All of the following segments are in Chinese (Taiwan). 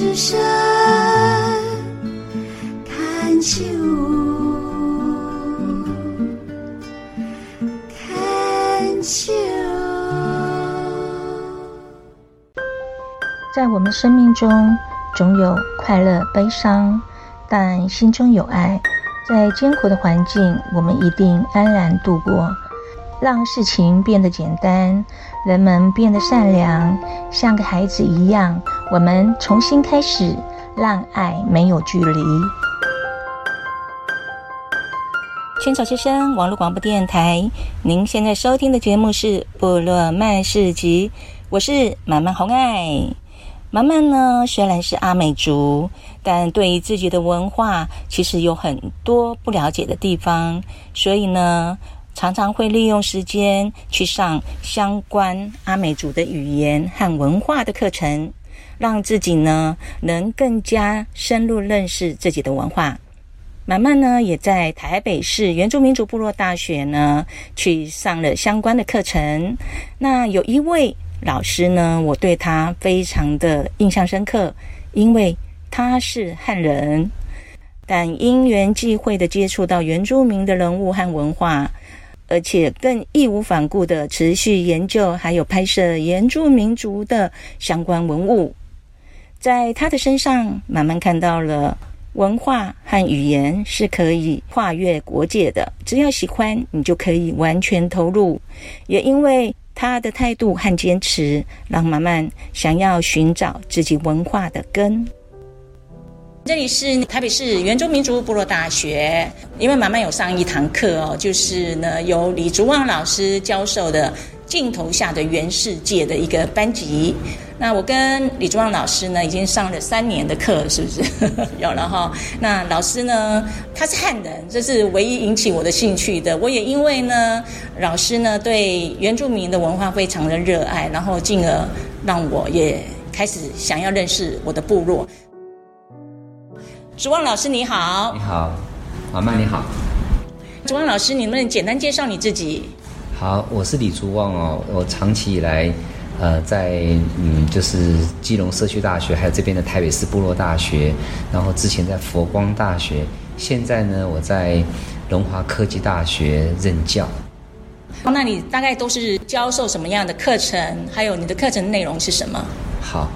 只剩看秋，看秋。在我們的生命中，總有快樂、悲傷，但心中有愛，在艱苦的環境，我們一定安然度過。讓事情變得簡單，人們變得善良，像個孩子一樣，我們重新開始，讓愛沒有距離。牽手之聲，網絡廣播電台，您現在收聽的節目是部落漫市集，我是馬漫紅愛。馬漫呢雖然是阿美族，但對於自己的文化其實有很多不了解的地方，所以呢。常常會利用時間去上相關阿美族的語言和文化的課程，讓自己呢能更加深入認識自己的文化。馬漫呢也在台北市原住民族部落大學呢去上了相關的課程。那有一位老師呢，我對他非常的印象深刻，因為他是漢人，但因緣際會的接觸到原住民的人物和文化。而且更義無反顧的持續研究，還有拍攝原住民族的相關文物，在他的身上，馬漫看到了文化和語言是可以跨越國界的。只要喜歡，你就可以完全投入。也因為他的態度和堅持，讓馬漫想要尋找自己文化的根。這裡是台北市原住民族部落大學，因為馬漫有上一堂課哦，就是呢由李竹旺老師教授的《鏡頭下的原世界》的一個班級。那我跟李竹旺老師呢已經上了三年的課了，是不是？ 有了哈。那老師呢他是漢人，這是唯一引起我的興趣的。我也因為呢老師呢對原住民的文化非常的熱愛，然後進而讓我也開始想要認識我的部落。竹旺老師你好。你好，馬漫你好。竹旺老師，你能不能簡單介紹你自己？好，我是李竹旺哦，我長期以來，呃，在嗯，就是基隆社區大學，還有這邊的台北市部落大學，然後之前在佛光大學，現在呢，我在龍華科技大學任教。好，那你大概都是教授什麼樣的課程？還有你的課程內容是什麼？好。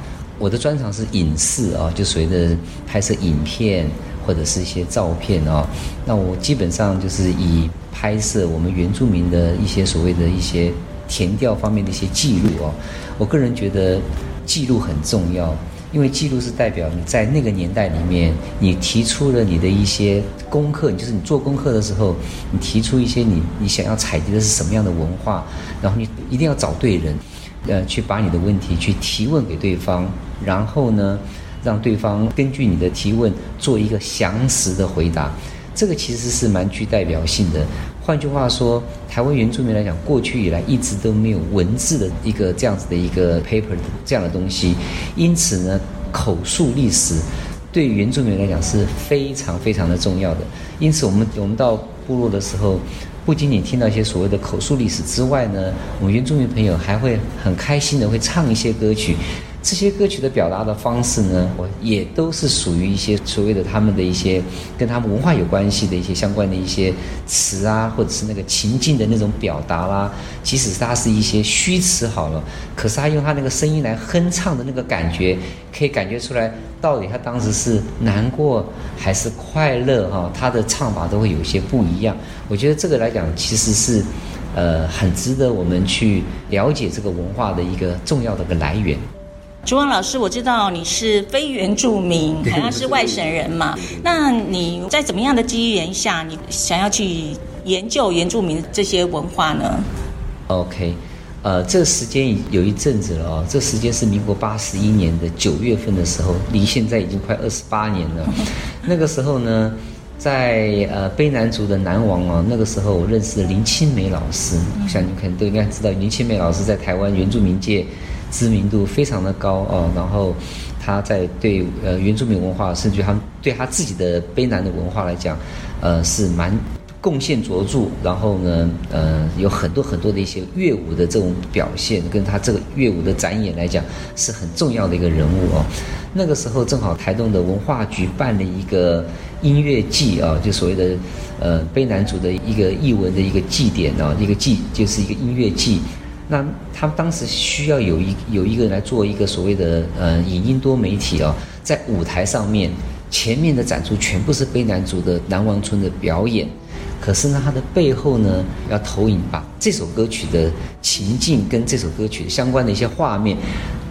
我的專長是影視啊，就隨着拍攝影片或者是一些照片啊，那我基本上就是以拍攝我們原住民的一些所謂的一些田調方面的一些記錄啊。我個人覺得記錄很重要，因為記錄是代表你在那個年代裡面，你提出了你的一些功課，就是你做功課的時候，你提出一些你你想要採集的是什麼樣的文化，然後你一定要找對人。呃，去把你的問題去提問給對方，然後呢，讓對方根據你的提問做一個詳實的回答。這個其實是蠻具代表性的。換句話說，台灣原住民來講，過去以來一直都沒有文字的一個這樣子的一個 paper 這樣的東西，因此呢，口述歷史對原住民來講是非常非常的重要的。因此，我們我們到部落的時候。不僅僅聽到一些所謂的口述歷史之外呢，我們原住民朋友還會很開心的會唱一些歌曲。這些歌曲的表達的方式呢，我也都是屬於一些所謂的他們的一些跟他們文化有關係的一些相關的一些詞啊，或者是那個情境的那種表達啦、啊。即使是他是一些虛詞好了，可是他用他那個聲音來哼唱的那個感覺，可以感覺出來，到底他當時是難過還是快樂哈、啊？他的唱法都會有些不一樣。我覺得這個來講，其實是，呃，很值得我們去了解這個文化的一個重要的一個來源。竹旺老師，我知道你是非原住民，可能是外省人嘛。 那你在怎麼樣的機緣下，你想要去研究原住民這些文化呢？OK，呃，這時間有一陣子了哦，這時間是民國八十一年的九月份的時候，離現在已經快二十八年了。那個時候呢，在呃卑南族的南王哦，那個時候我認識了林清美老師，我想，嗯、你可能都應該知道林清美老師在台灣原住民界，知名度非常的高哦，然後他在對呃原住民文化，甚至他對他自己的卑南的文化來講，呃是蠻貢獻卓著，著。然後呢，呃，有很多很多的一些樂舞的這種表現，跟他這個樂舞的展演來講是很重要的一個人物哦。那個時候正好台東的文化局辦了一個音樂祭啊、哦，就所謂的呃卑南族的一個藝文的一個祭典啊、哦，一個祭就是一個音樂祭。那他們當時需要有一有一個人來做一個所謂的呃影音多媒體啊、哦，在舞台上面前面的展出全部是卑南族的南王村的表演，可是呢，他的背後呢，要投影，把這首歌曲的情境跟這首歌曲的相關的一些畫面，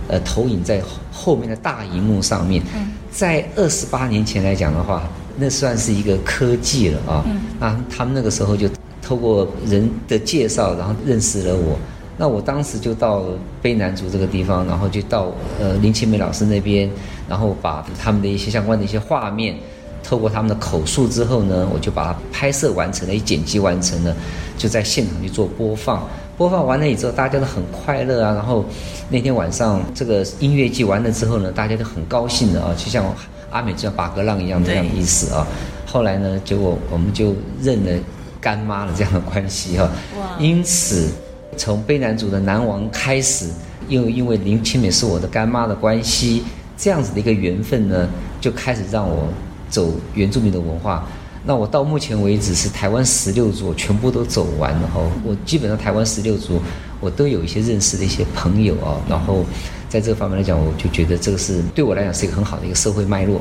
呃，投影在後面的大熒幕上面。在二十八年前來講的話，那算是一個科技了啊、哦。那他們那個時候就透過人的介紹，然後認識了我。那我當時就到卑南族這個地方，然後就到呃林清美老師那邊，然後把他們的一些相關的一些畫面，透過他們的口述之後呢，我就把它拍攝完成了，一剪輯完成了，就在現場去做播放。播放完了以後，大家都很快樂啊。然後那天晚上這個音樂祭完了之後呢，大家都很高興的啊，就像阿美就像巴格浪一樣的這樣的意思啊。後來呢，結果我們就認了乾媽的這樣的關係哈、啊，哇因此。從卑南族的南王開始，又因為林清美是我的乾媽的關係，這樣子的一個緣分呢，就開始讓我走原住民的文化。那我到目前為止是台灣十六族我全部都走完了哈，我基本上台灣十六族我都有一些認識的一些朋友啊。然後在這個方面來講，我就覺得這個是對我來講是一個很好的一個社會脈絡。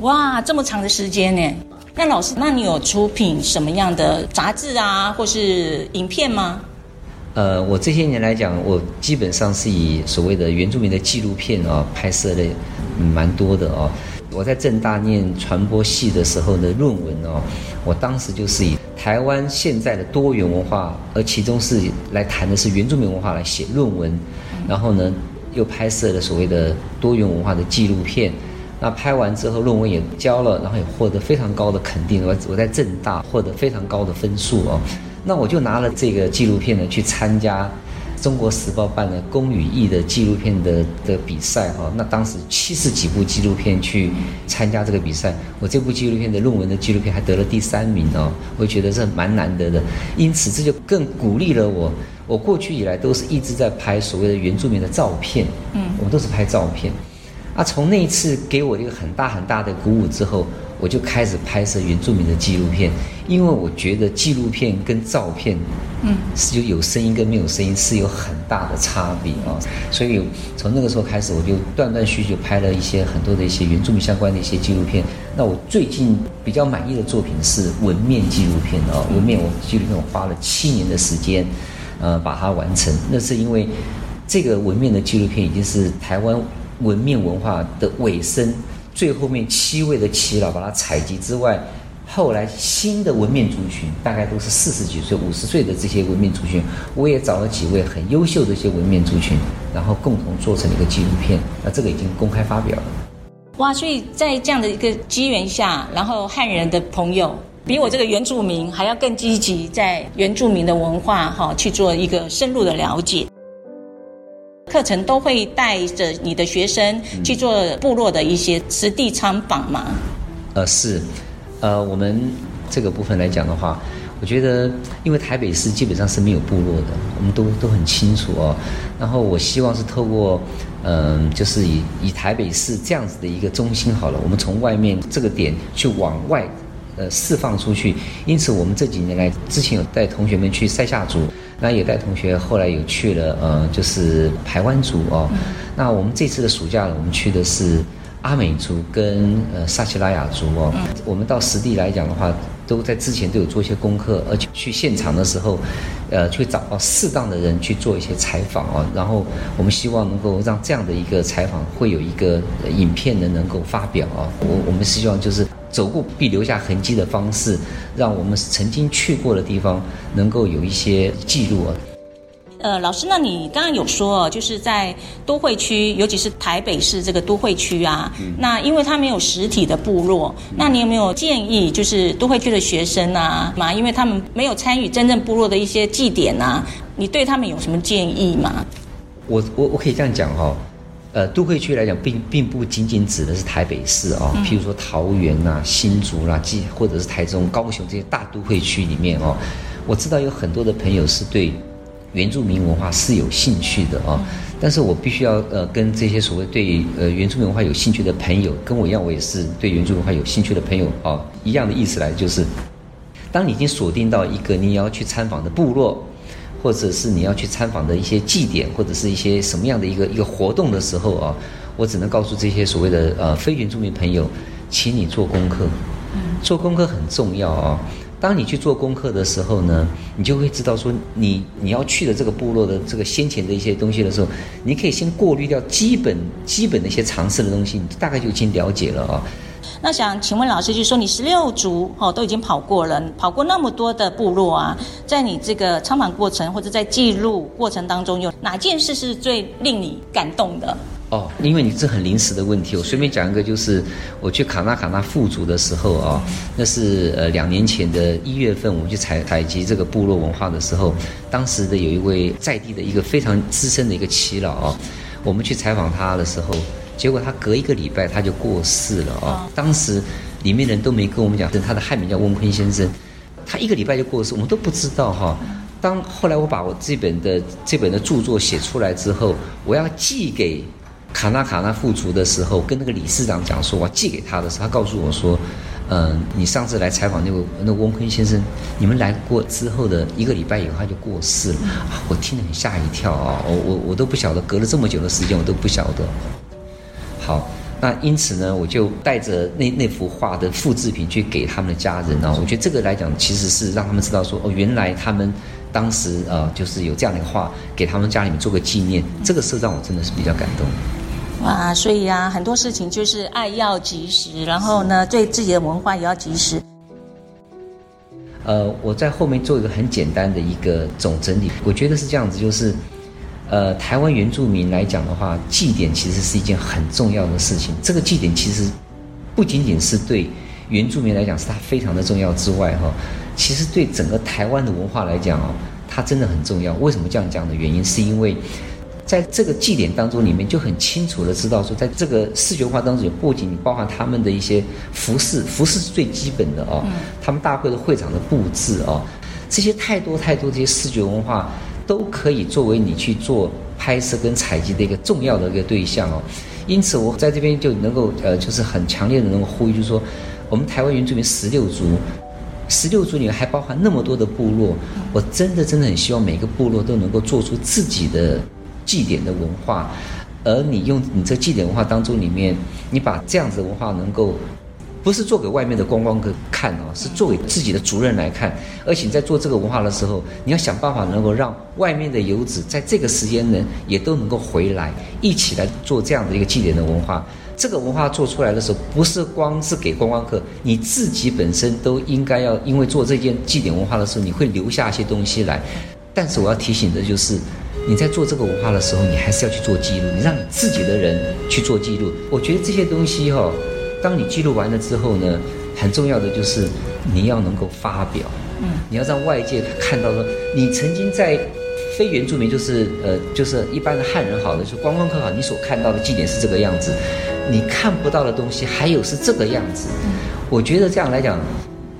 哇，這麼長的時間呢？那老師，那你有出品什麼樣的雜誌啊，或是影片嗎？呃，我這些年來講，我基本上是以所謂的原住民的紀錄片哦拍攝的，蠻多的哦。我在政大念傳播系的時候呢，論文哦，我當時就是以台灣現在的多元文化，而其中是來談的是原住民文化來寫論文，然後呢又拍攝了所謂的多元文化的紀錄片。那拍完之後，論文也交了，然後也獲得非常高的肯定。我我在政大獲得非常高的分數哦。那我就拿了這個紀錄片呢去參加《中國時報》辦的“公與義”的紀錄片的的比賽哈、哦，那當時七十幾部紀錄片去參加這個比賽，我這部紀錄片的論文的紀錄片還得了第三名哦。我覺得這蠻難得的，因此這就更鼓勵了我。我過去以來都是一直在拍所謂的原住民的照片，嗯，我們都是拍照片。啊，從那一次給我一個很大很大的鼓舞之後。我就開始拍攝原住民的紀錄片，因為我覺得紀錄片跟照片，嗯，是就有聲音跟沒有聲音是有很大的差別啊。所以從那個時候開始，我就斷斷續續拍了一些很多的一些原住民相關的一些紀錄片。那我最近比較滿意的作品是文面紀錄片啊，文面我紀錄片我花了七年的時間，呃，把它完成。那是因為這個文面的紀錄片已經是台灣文面文化的尾聲。最後面七位的耆老把它採集之外，後來新的文面族群大概都是四十幾歲、五十歲的這些文面族群，我也找了幾位很優秀的一些文面族群，然後共同做成了一個紀錄片。那這個已經公開發表了。哇，所以在這樣的一個機緣下，然後漢人的朋友比我這個原住民還要更積極，在原住民的文化哈去做一個深入的了解。課程都會帶着你的學生去做部落的一些實地參訪嗎？嗯？呃是，呃我們這個部分來講的話，我覺得因為台北市基本上是沒有部落的，我們都都很清楚哦。然後我希望是透過，嗯、呃，就是以以台北市這樣子的一個中心好了，我們從外面這個點去往外，呃釋放出去。因此我們這幾年來之前有帶同學們去賽夏族。那也帶同學後來有去了呃，就是排灣族哦。那我們這次的暑假呢，我們去的是阿美族跟呃撒奇萊雅族哦。我們到實地來講的話，都在之前都有做一些功課，而且去現場的時候，呃，去找到適當的人去做一些採訪啊。然後我們希望能夠讓這樣的一個採訪會有一個影片能能夠發表啊，哦。我我們希望就是。走過必留下痕迹的方式，讓我們曾經去過的地方能夠有一些記錄啊。呃，老師，那你剛剛有說哦，就是在都會區，尤其是台北市這個都會區啊，嗯、那因為它沒有實體的部落，那你有沒有建議，就是都會區的學生啊嘛，因為他們沒有參與真正部落的一些祭典啊，你對他們有什麼建議嗎？我我我可以這樣講哈、哦。呃，都會區來講並，並並不僅僅指的是台北市啊，譬如說桃園啊、新竹啦、啊，或或者是台中、高雄這些大都會區裡面哦、啊。我知道有很多的朋友是對原住民文化是有興趣的啊，但是我必須要呃，跟這些所謂對呃原住民文化有興趣的朋友，跟我一樣，我也是對原住民文化有興趣的朋友哦、啊，一樣的意思來，就是當你已經鎖定到一個你要去參訪的部落。或者是你要去參訪的一些祭典，或者是一些什麼樣的一個一個活動的時候啊，我只能告訴這些所謂的呃非原住民朋友，請你做功課。做功課很重要啊。當你去做功課的時候呢，你就會知道說你你要去的這個部落的這個先前的一些東西的時候，你可以先過濾掉基本基本的一些常識的東西，你大概就已經了解了啊。那想請問老師，就是說你十六族哦，都已經跑過了，跑過那麼多的部落啊，在你這個採訪過程或者在記錄過程當中，有哪件事是最令你感動的？哦，因為你這很臨時的問題，我隨便講一個，就是我去卡納卡納富族的時候啊，哦，那是呃兩年前的一月份，我們去採採集這個部落文化的時候，當時的有一位在地的一個非常資深的一個耆老，哦，我們去採訪他的時候。結果他隔一個禮拜他就過世了啊、哦！當時裡面人都沒跟我們講，他的漢名叫翁坤先生。他一個禮拜就過世，我們都不知道哈、哦。當後來我把我這本的這本的著作寫出來之後，我要寄給卡納卡納富族的時候，跟那個理事長講說我要寄給他的時候，他告訴我說：“嗯，你上次來採訪那位那翁坤先生，你們來過之後的一個禮拜以後他就過世了啊！”我聽得很嚇一跳啊！我我我都不曉得，隔了這麼久的時間，我都不曉得。好，那因此呢，我就帶着那那幅畫的複製品去給他們的家人啊、哦。我覺得這個來講，其實是讓他們知道說，哦，原來他們當時呃，就是有這樣的畫，給他們家裡面做個紀念。這個是讓我真的是比較感動。哇，所以啊，很多事情就是愛要及時，然後呢，是對自己的文化也要及時。呃，我在後面做一個很簡單的一個總整理，我覺得是這樣子，就是。呃，台灣原住民來講的話，祭典其實是一件很重要的事情。這個祭典其實不僅僅是對原住民來講是他非常的重要之外，哈、哦，其實對整個台灣的文化來講哦，它真的很重要。為什麼這樣講的原因，是因為在這個祭典當中，裡面就很清楚的知道說，在這個視覺文化當中，也不僅包含他們的一些服飾，服飾是最基本的哦。嗯、他們大會的會場的布置啊、哦，這些太多太多這些視覺文化。都可以作為你去做拍攝跟採集的一個重要的一個對象哦，因此我在這邊就能夠呃，就是很強烈的能夠呼籲，就是說，我們台灣原住民十六族，十六族裡面還包含那麼多的部落，我真的真的很希望每個部落都能夠做出自己的祭典的文化，而你用你這祭典文化當中裡面，你把這樣子的文化能夠。不是做給外面的觀光客看哦，是做給自己的族人來看。而且你在做這個文化的時候，你要想辦法能夠讓外面的遊子在這個時間呢，也都能夠回來，一起來做這樣的一個祭典的文化。這個文化做出來的時候，不是光是給觀光客，你自己本身都應該要，因為做這件祭典文化的時候，你會留下一些東西來。但是我要提醒的就是，你在做這個文化的時候，你還是要去做記錄，你讓你自己的人去做記錄。我覺得這些東西哈、哦。當你記錄完了之後呢，很重要的就是你要能夠發表，嗯，你要讓外界看到說你曾經在非原住民，就是呃，就是一般的漢人好的，就觀光客好，你所看到的祭典是這個樣子，你看不到的東西還有是這個樣子。我覺得這樣來講，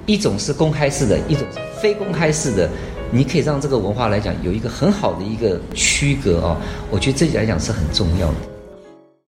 一種是公開式的，一種是非公開式的，你可以讓這個文化來講有一個很好的一個區隔啊、哦，我覺得這樣來講是很重要的。